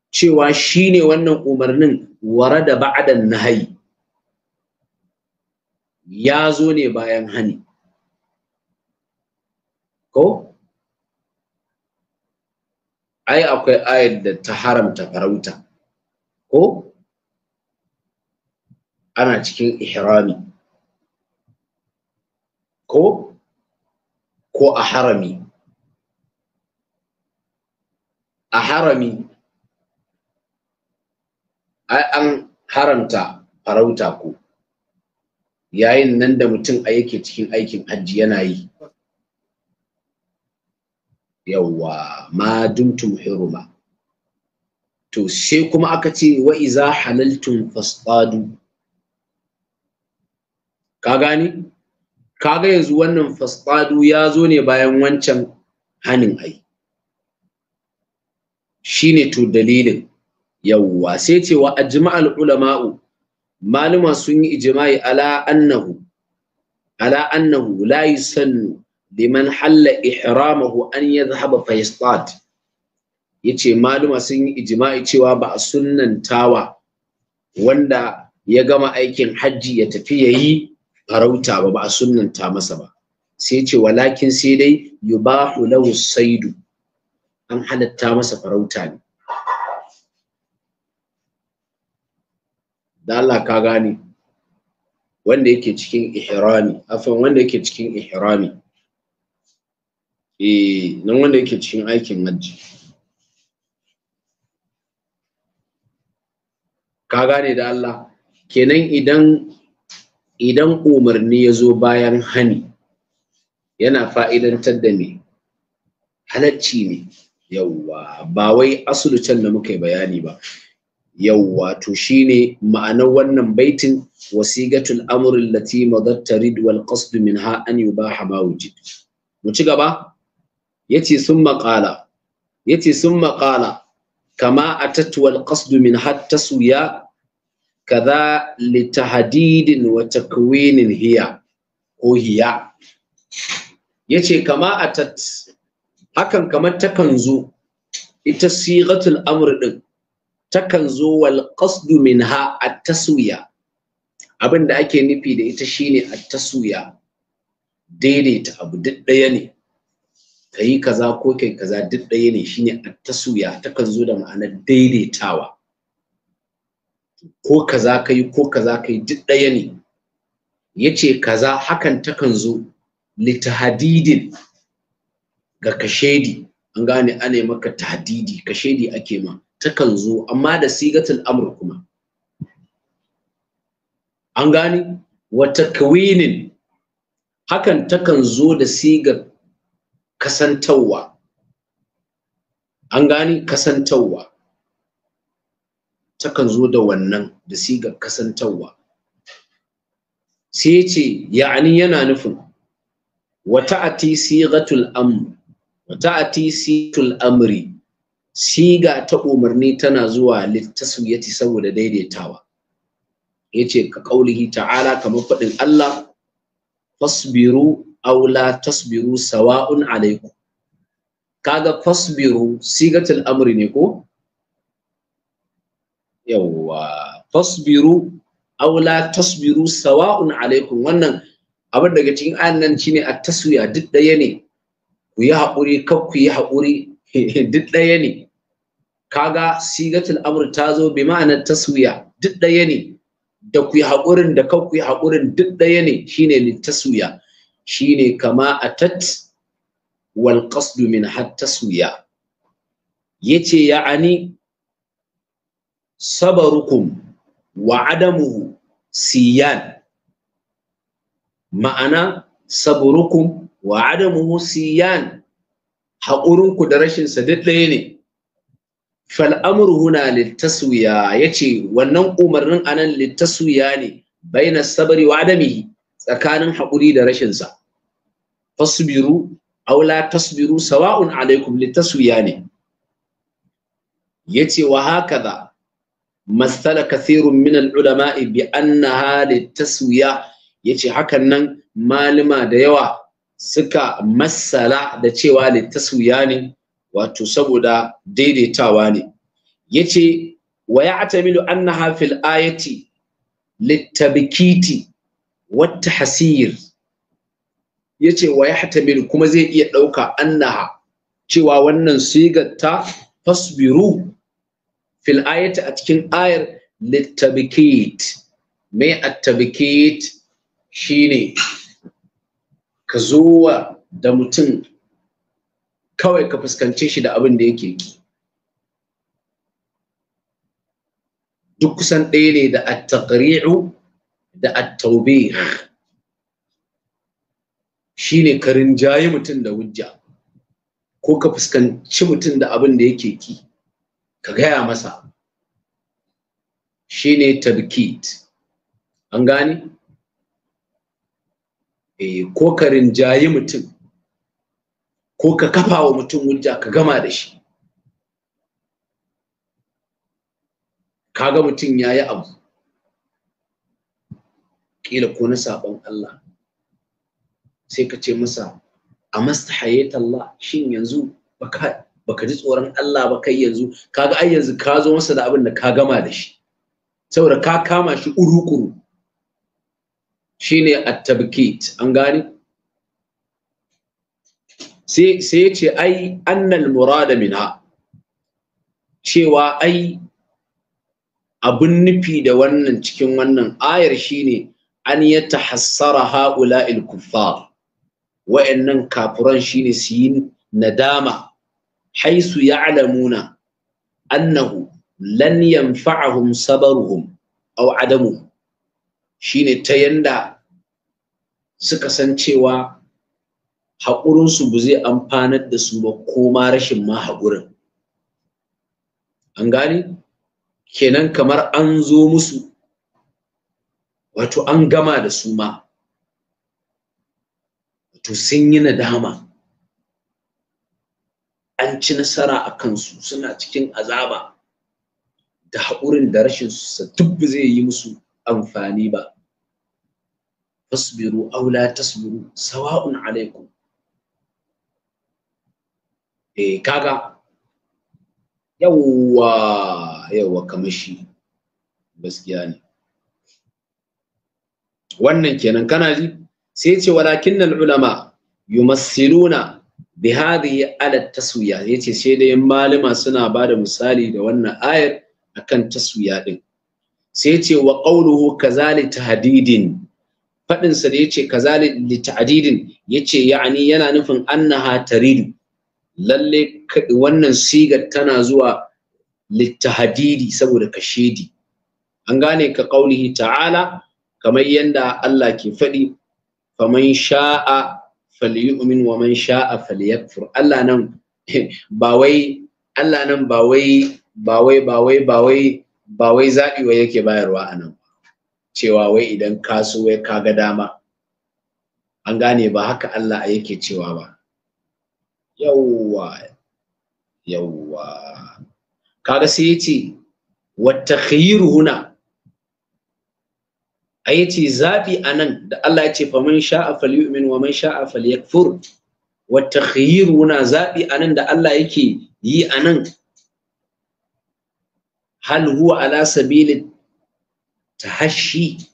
cewa shine wannan umarnin warada ba'dan nahyi ya zo ne bayan hani ko ai akwai ayar da ta haramta farauta ko ana cikin ihrami ko ko a harami a harami ai an haramta farauta ko yayin nan da mutum a yake cikin aikin hajji yana yi yawwa ma dumtum hiruma to sai kuma aka ce wa iza halaltum fasadu ka gani kaga yanzu wannan fasadu ya zo ne bayan wancan hanin ai shine to dalilin yawwa sai ce wa ajma'al ulama'u maluma sun yi ijma'i ala annahu ala annahu la yusannu liman halla ihramahu an yadhhaba fa yastad yace maluma sun yi ijma'i cewa ba a sunnantawa wanda ya gama aikin hajji ya tafi yayi farauta ba ba a sunnanta masa ba sai ce walakin sai dai yubahu lahu saidu an halatta masa farauta ne da Allah ka gane wanda yake cikin ihrami afan wanda yake cikin ihrami eh nan wanda yake cikin aikin hajji ka gane da Allah kenan idan idan umarni ya zo bayan hani yana fa'idantar da me halacci ne yawwa ba wai asulu can da muka yi bayani ba yawwa to shine ma'anar wannan baitin wasigatul Amurin allati madat tarid wal min minha an yubaha ma wujid mu ci gaba yace maƙala qala yace summa qala kama atat wal qasd minha taswiya kaza litahdidin wa takwinin hiya ko hiya yace kama atat hakan kamar takan zo ita sigatul amr din takan zo wal qasd minha at-taswiya abin da ake nufi da ita shine at-taswiya daidaita abu duk ɗaya ne kai kaza ko kai kaza duk ɗaya ne shine at-taswiya takan zo da ma'anar daidaitawa ko kaza ka ko kaza ka duk ɗaya ne yace kaza hakan takan zo litahadidin ga kashedi an gane ana maka tahdidi kashedi ake ma takan zo amma da sigatul amr kuma an gane wa takwinin hakan takan zo da sigar kasantawa an gane kasantawa takan zo da wannan da sigar kasantarwa sai ya ce ya'ani yana nufin wata ta'ati sigatul amr wa ta'ati sigatul amri siga ta umarni tana zuwa litasuyati saboda daidaitawa yace ka kaulihi ta'ala kamar faɗin Allah fasbiru aw la tasbiru sawa'un alaykum kaga fasbiru sigatul amri ne ko yawwa tasbiru aw la tasbiru sawa'un alaikum wannan abin daga cikin ayan nan shine at taswiya duk daya ne ku yi haƙuri kar ku yi haƙuri duk daya ne kaga sigatul amr ta zo bi ma'anar taswiya duk daya ne da ku yi haƙurin da kar ku yi haƙurin duk daya ne shine taswiya shine kama atat wal qasdu min hat taswiya yace ya'ani sabarukum wa adamuhu siyan ma'ana saburukum wa adamuhu siyan haƙurinku da rashinsa sa duk ɗaya ne fal'amuru huna littaswiya ya ce wannan umarnin anan littaswiya ne baina sabari wa adamihi tsakanin haƙuri da rashinsa tasbiru aula tasbiru sawa'un alaikum littaswiya ne ya ce wa haka masala kathirun min al-ulama'i bi annaha litaswiya yace hakan nan malima da yawa suka masala da cewa litaswiya ne wato saboda daidaitawa ne yace wa ya'tamilu annaha fil ayati litabkiti wat hasir yace wa yahtamilu kuma zai iya ɗauka annaha cewa wannan sigar ta fasbiru fil ayati a cikin ayar littabikit me attabikit shine ka zuwa da mutum kawai ka fuskance shi da abin da yake ki duk kusan ɗaya ne da attaqri'u da attaubih shine ka rinjayi mutum da hujja ko ka fuskanci mutum da abin da yake ki ka gaya masa shi ne tabkit an gane e, ko ka rinjayi mutum ko ka kafa wa mutum hujja ka gama da shi kaga mutum yayi yi abu kila ko na sabon Allah sai ka ce masa a masta Allah shin yanzu baka baka ji tsoron Allah ba kai yanzu kaga ai yanzu ka zo masa da abin da ka gama da shi saboda ka kama shi urukuru shine at-tabkit an gani sai sai yace ai annal murada minha cewa ai abin nufi da wannan cikin wannan ayar shine an ya tahassara ha'ula'il kuffar wa'annan kafuran shine su yi nadama haisu ya'lamuna annahu lan yanfa'ahum sabaruhum aw adamu shine ta yanda suka san cewa haƙurinsu ba zai amfanar da su ba ko ma rashin mahaƙurin. an gane kenan kamar an zo musu wato an gama da su ma wato sun yi nadama an ci nasara a kansu suna cikin azaba da haƙurin da rashin sa duk ba zai yi musu amfani ba fasbiru aw la tasbiru sawa'un alaikum eh kaga yawwa yawwa kamashi gaskiya ne wannan kenan kana ji sai ce walakin ulama yumassiluna bi hadhihi ala taswiya yace sai dai malama suna bada misali da wannan ayar akan taswiya din sai yace wa qawluhu kazali tahdidin fadin sa da yace kazali li ta'didin yace yani yana nufin annaha taridu lalle wannan sigar tana zuwa littahdidi saboda kashedi an gane ka qaulihi ta'ala kamar yanda Allah ke faɗi faman sha'a falyu'min wa man sha'a falyakfur Allah nan ba wai Allah nan ba wai ba wai ba wai ba wai ba wai zabi wai yake bayarwa anan cewa wai idan ka so wai ka ga dama an gane ba haka Allah yake cewa ba yawwa yawwa kaga sai yace wa takhiru huna A ai zaɓi zabi anan da Allah yace fa man sha'a falyu'min wa man sha'a falyakfur wa takhyiruna zabi anan da Allah yake yi anan hal huwa ala sabili tahashi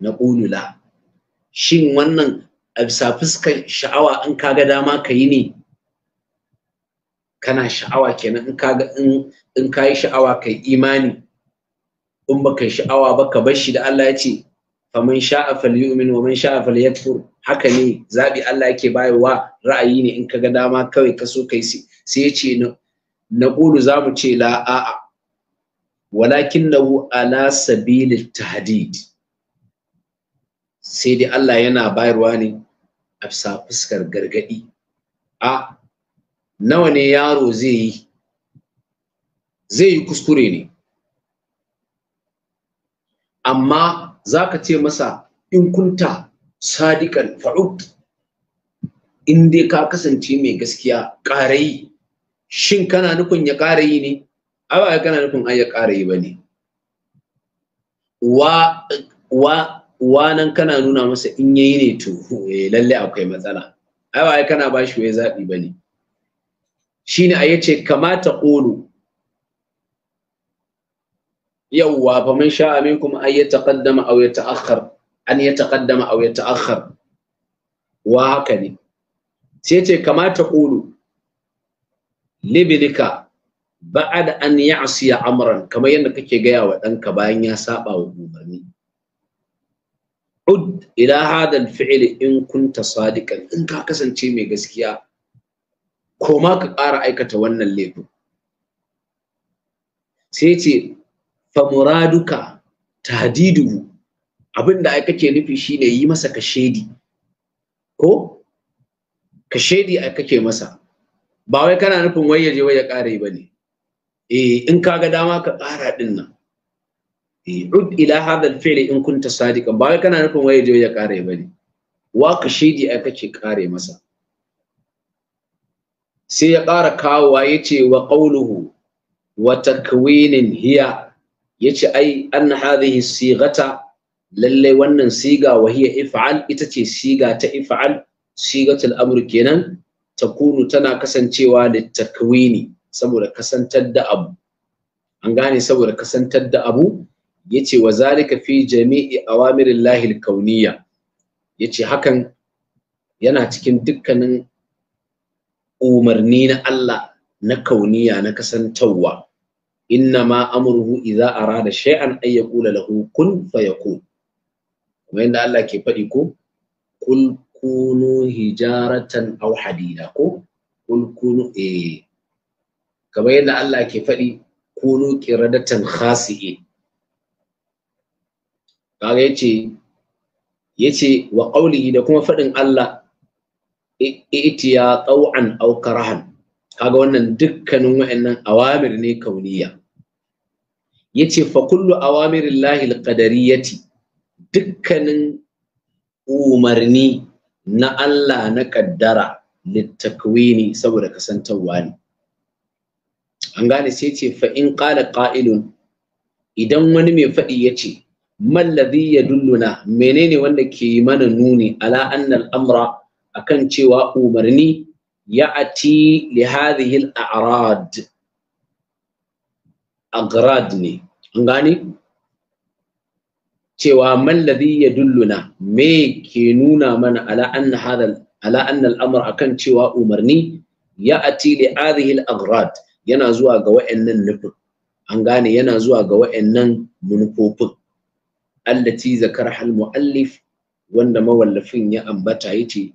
na la shin wannan a bisa sha'awa in kaga dama ka yi ne kana sha'awa kenan in kaga in in kayi sha'awa kai imani in baka sha'awa ba ka bar shi da Allah ya ce faman sha'a fal yumin wa man sha'a fal yakfur haka ne zabi Allah yake bayarwa ra'ayi ne in kaga dama kawai ka so kai sai sai yace na za zamu ce la a'a walakinahu ala sabilit tahdid sai dai Allah yana bayarwa ne a bisa fuskar gargadi a nawa ne yaro zai yi zai yi kuskure ne amma za ka ce masa in kunta sadikan fa'ud in dai ka kasance mai gaskiya ƙarayi shin kana nufin ya ƙarayi ne a ba kana nufin ai ya ƙarayi ba ne wa wa wa nan kana nuna masa in yayi ne to eh, lalle akwai matsala ai ba kana ba shi wai zabi ba ne shine a yace kamata ƙolo yawwa fa man sha'a minkum an yataqaddama aw yata'akhkhar an yataqaddama aw yata'akhkhar wa haka ne sai ce kamata qulu libidika ba'ad an ya'si amran kamar yadda kake gaya wa ɗanka bayan ya saba wa umarni ud ila hada alfi'li in kunta sadiqan in ka kasance mai gaskiya koma ka ƙara aikata wannan laifin sai ce famuraduka muraduka tahdidu abin da ai kake nufi shine yi masa kashedi ko kashedi ai kake masa ba wai kana nufin wai yaje wai ya kare bane eh in kaga dama ka kara din nan eh ud ila hadha al in kunta sadiqan ba wai kana nufin wai yaje ya kare bane wa kashedi ai kake kare masa sai ya ƙara kawowa ya ce wa qawluhu wa takwinin hiya yace ai anna hadhihi sigata lalle wannan siga wa hiya if'al ita ce siga ta if'al sigatul amr kenan takunu tana kasancewa da takwini saboda kasantar da abu an gane saboda kasantar da abu yace wa zalika fi jami'i awamirillahi alkauniyya yace hakan yana cikin dukkanin umarni na Allah na kauniya na kasantarwa inna ma amruhu idza arada shay'an ay yaqula lahu kun fayakun kuma yanda Allah ke faɗi ko kul kunu hijaratan aw hadida ko kul kunu eh kamar yadda Allah ke faɗi kunu qiradatan khasi'in kaga yace yace wa qawlihi da kuma faɗin Allah itiya tau'an aw karahan kaga wannan dukkanin wa'annan awamir ne kauniya yace fa kullu awamirillahi alqadariyati dukkanin umarni na Allah na kaddara ne saboda kasantarwa ne an gane sai ce fa in qala qa'ilun idan wani mai faɗi yace man ladhi yadulluna menene wanda ke mana nuni ala anna al-amra akan cewa umarni ya'ati li hadhihi al-a'rad agrad ne an gane cewa man ladhi yadulluna me ke nuna mana ala anna hadha ala anna al-amr akan cewa umarni ya ati li hadhihi al-agrad yana zuwa ga wayannan nufin an gane yana zuwa ga wayannan munufofin allati zakar hal muallif wanda mawallafin ya ambata yace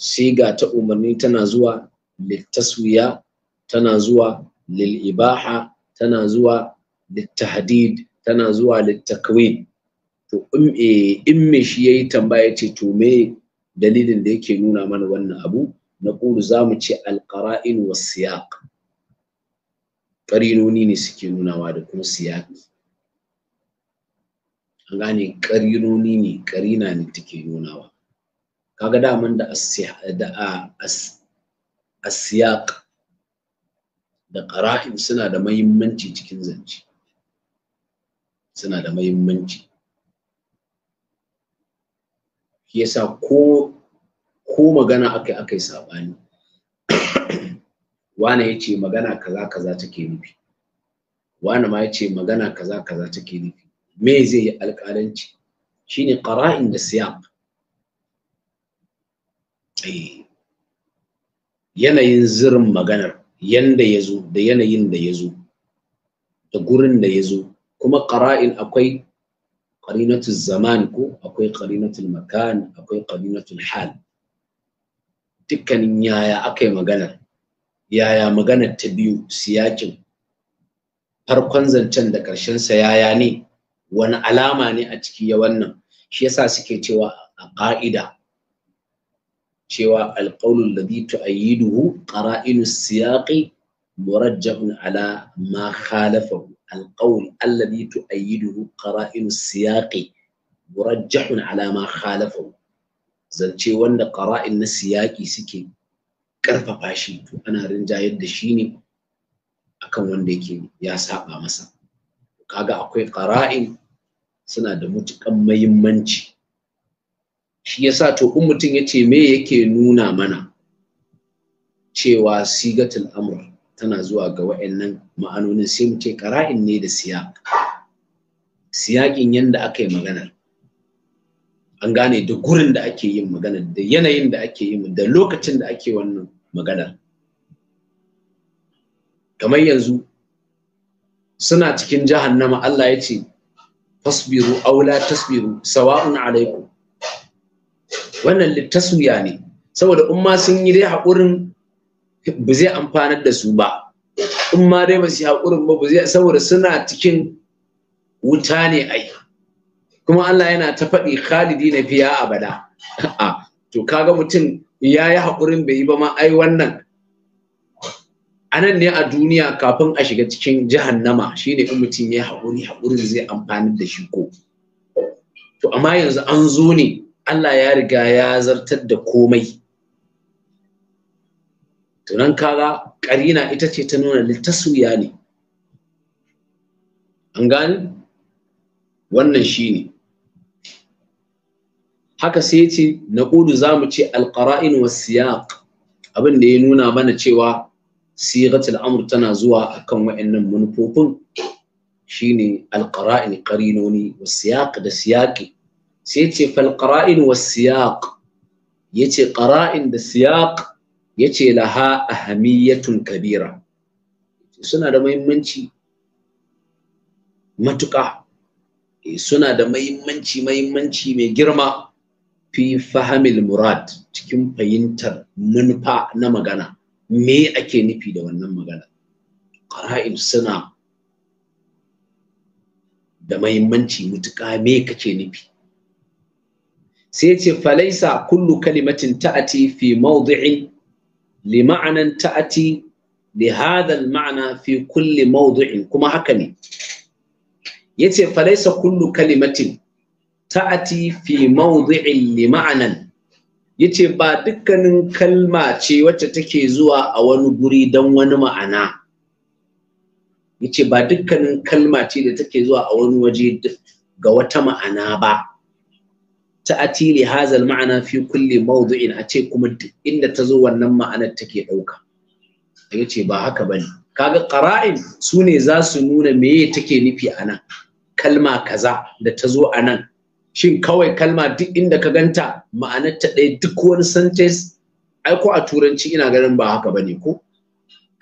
siga ta umarni tana zuwa zuwa lil ibaha tana zuwa littahdid tana zuwa littakwin to in eh, me shi yayi tambaya ce to me dalilin da yake nuna mana wannan abu na ƙulu za mu ce alƙara'in wa siyaƙ ƙarinoni ne suke nunawa da kuma siyaƙi an gane ƙarinoni ne ƙarina ne take nunawa kaga daman da a asiyaƙ da ƙara'in suna da mahimmanci cikin zance suna da mahimmanci shi yasa ko ko magana akai akai sabani wane ya ce magana kaza kaza take nufi wane ma ya ce magana kaza kaza take nufi me zai yi alƙalanci shine ƙara'in da siyaq eh. yanayin zirin maganar yanda ya zo da yanayin da ya zo da gurin da ya zo kuma ƙara'in akwai ƙarinatul zaman ko akwai ƙarinatul makan akwai ƙarinatul hal dukkanin yaya aka yi maganar yaya maganar ta biyu siyakin farkon zancen da sa yaya ne wani alama ne a ciki ya wannan shi yasa suke cewa a ƙa'ida cewa ayi ladhi tu'ayyiduhu ƙara'inu siyaƙi murajjahun ala ma khalafahu ayi alladhi tu'ayyiduhu qara'inu siyaƙi murajjahun ala ma khalafahu zance wanda ƙara'in na siyaƙi suke karfafa shi to ana rinjayar da shi ne akan wanda yake ya saba masa kaga akwai ƙara'in suna da matuƙan muhimmanci shi yasa to in mutum ya ce me yake nuna mana cewa sigatul amr tana zuwa ga wa'annan ma'anonin sai mu ce qara'in ne da siyaq siyaƙin yanda aka yi maganar an gane da gurin da ake yin maganar da yanayin da ake yin da lokacin da ake wannan maganar kamar yanzu suna cikin jahannama Allah ya ce fasbiru aw la tasbiru sawa'un alaikum wannan littasuya ne saboda in ma sun yi dai haƙurin ba zai amfanar da su ba in ma dai ba su yi haƙurin ba saboda suna cikin wuta ne ai kuma Allah yana ta faɗi khalidi na fiya abada to kaga mutum ya yi haƙurin bai yi ba ma ai wannan anan ne a duniya kafin a shiga cikin jahannama shine in mutum ya yi haƙuri haƙurin zai amfani da shi ko to amma yanzu an zo ne Allah ya riga ya zartar da komai tunan kaga ƙarina ita ce ta nuna littasuya ne an gane wannan ne. haka sai ce na ƙudu za mu ce alƙara'in wa siyaq abin da ya nuna mana cewa sigatul amur tana zuwa akan wa'annan manufofin shine alƙara'in ƙarinoni wa siyaq da siyaqi sai ce fal qara'in was siyaq yace qara'in da siyaq yace laha a ahamiyatun kabira suna da muhimmanci matuƙa eh, suna da mahimmanci mahimmanci mai girma fi fahamil murad cikin fahimtar manufa na magana me ake nufi da wannan magana ƙara'in suna da mahimmanci mutuƙa me kake nufi sai ya ce falaisa kullu kalimatin ta'ati fi mawdi'in li ma'anan ta'ati li hadha mana fi kulli mawdi'in kuma haka ne yace falaisa kullu kalimatin ta'ati fi mawdi'in li ma'anan yace ba dukkanin kalma ce wacce take zuwa a wani guri don wani ma'ana yace ba dukkanin kalma ce da take zuwa a wani waje ga wata ma'ana ba ta li hadha ma'ana mana fi kulli mawdu'in a ce kuma inda ta zo wannan ma'anar take dauka yace ba haka bane kaga qara'in sune za su nuna meye take nufi anan kalma kaza da ta zo anan shin kawai kalma duk inda ka ganta ma'anar ta ɗaya duk wani sentence ai ko a turanci ina ganin ba haka bane ko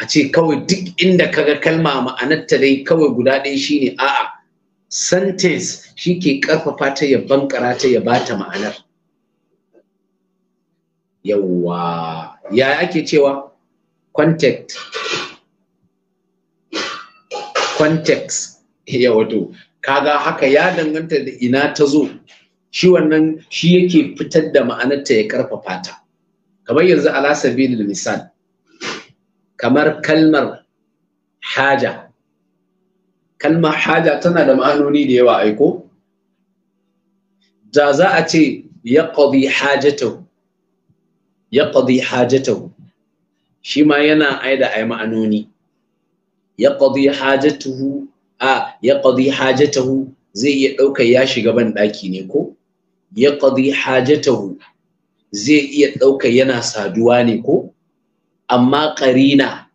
a ce kawai duk inda kaga kalma ma'anar ta dai kawai guda ɗaya shine a'a sentence shi ke ƙarfafa ta ya bankara ta ya ta ma'anar yawwa ya ake cewa contact context ya wato kaga haka ya danganta da ina ta zo shi wannan shi yake fitar da ma'anarta ya karfafa ta kamar yanzu ala sabilil misal kamar kalmar haja Kalma haja tana da ma'anoni da yawa aiko da za a ce ya ƙadi hajatahu ya ƙadi hajatahu shi ma yana aida ai ma'anoni ya ƙadi tahu a ya ƙadi hajatahu zai iya ɗaukar ya shiga ban ɗaki ne ko ya ƙadi hajatahu zai iya ɗaukar yana saduwa ne ko amma ƙarina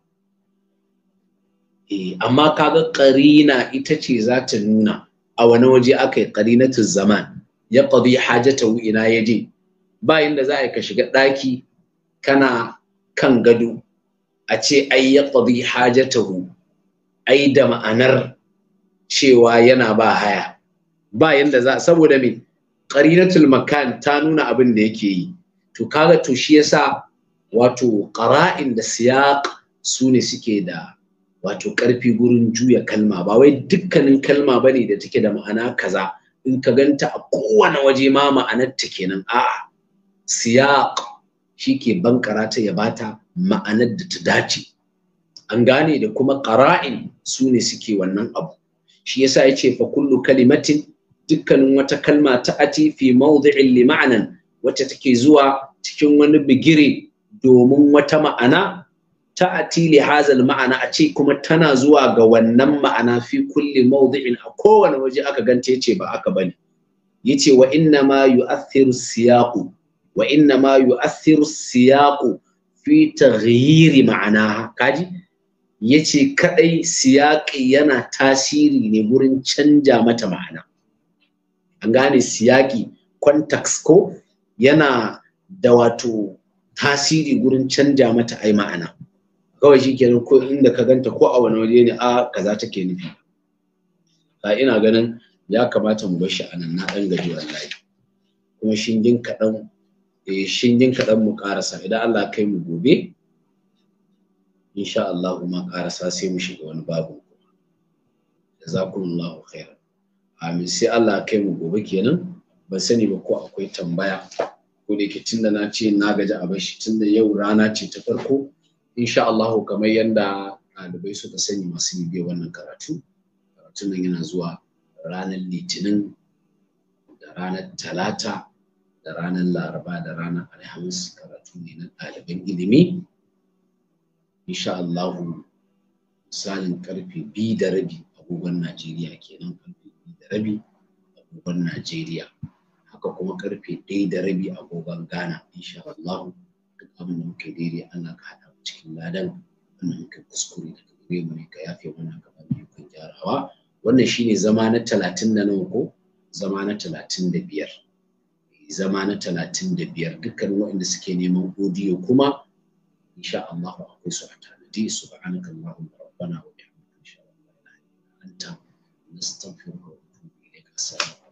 eh amma kaga ƙarina ita ce za ta nuna a wani waje aka yi ƙarinatun zaman ya qadi hajatahu ina yaje ba inda za a ka shiga daki kana kan gado a ce ai ya qadi hu ai da ma'anar cewa yana ba haya ba yanda za saboda me qarinatul makan ta nuna abin da yake yi to kaga to shi yasa wato ƙara'in da siyaq su ne suke da wato ƙarfi gurin juya kalma ba wai dukkanin kalma ba ne da take da ma'ana kaza in ka ganta a kowane waje ma ma'anar ta kenan a'a siyaq shi ke bankara ta ya bata ma'anar da ta dace an gane da kuma ƙara'in su ne suke wannan abu shi yasa ya ce fa kullu kalimatin dukkanin wata kalma ta ati fi mawdi'in li ma'anan wacce take zuwa cikin wani bigire domin wata ma'ana ta atili hazal ma'ana a ce kuma tana zuwa ga wannan ma'ana fi kulli mawdi'in a kowane waje aka gante yace ba aka bane yace wa inna ma yu'athiru siyaqu wa inna ma yu'athiru siyaqu fi taghyiri ma'ana kaji yace kadai siyaqi yana tasiri ne gurin canja mata ma'ana an gane siyaqi context ko yana da wato tasiri gurin canja mata ai ma'ana kawai shi kenan ko inda ka ganta ko a wani waje ne a kaza take nufi a ina ganin ya kamata mu bashi anan a nan na dan gaji wallahi kuma shingin kaɗan eh, shingin kaɗan mu karasa idan Allah kai mu gobe insha Allah ma karasa sai mu shiga wani babu jazakumullahu khair amin sai Allah kai mu gobe kenan ban sani ba ko akwai tambaya ko da yake tunda na ce na gaji a bashi tunda yau rana ce ta farko insha allahu kamar yadda ɗalibai suka sani masu bibiyar wannan karatu karatun nan yana zuwa ranar litinin da ranar talata da ranar laraba da ranar alhamis karatu ne na ɗaliban ilimi insha allahu misalin karfe biyu da rabi agogon Najeriya kenan karfe biyu da rabi agogon Najeriya haka kuma karfe ɗaya da rabi agogon Ghana insha allahu duk abin da muke daidai Allah ka haɗa cikin ladan wannan ka kuskure daga gare mu ne ka yafe mana ka ba mu gyarawa wannan shine zama na talatin da nawa ko zama na talatin da biyar eh, zama na talatin da biyar dukkan waɗanda suke neman odiyo kuma insha Allah akwai su a tanadi subhanaka Allahumma rabbana wa bihamdika insha Allah anta nastaghfiruka wa natubu ilayka assalamu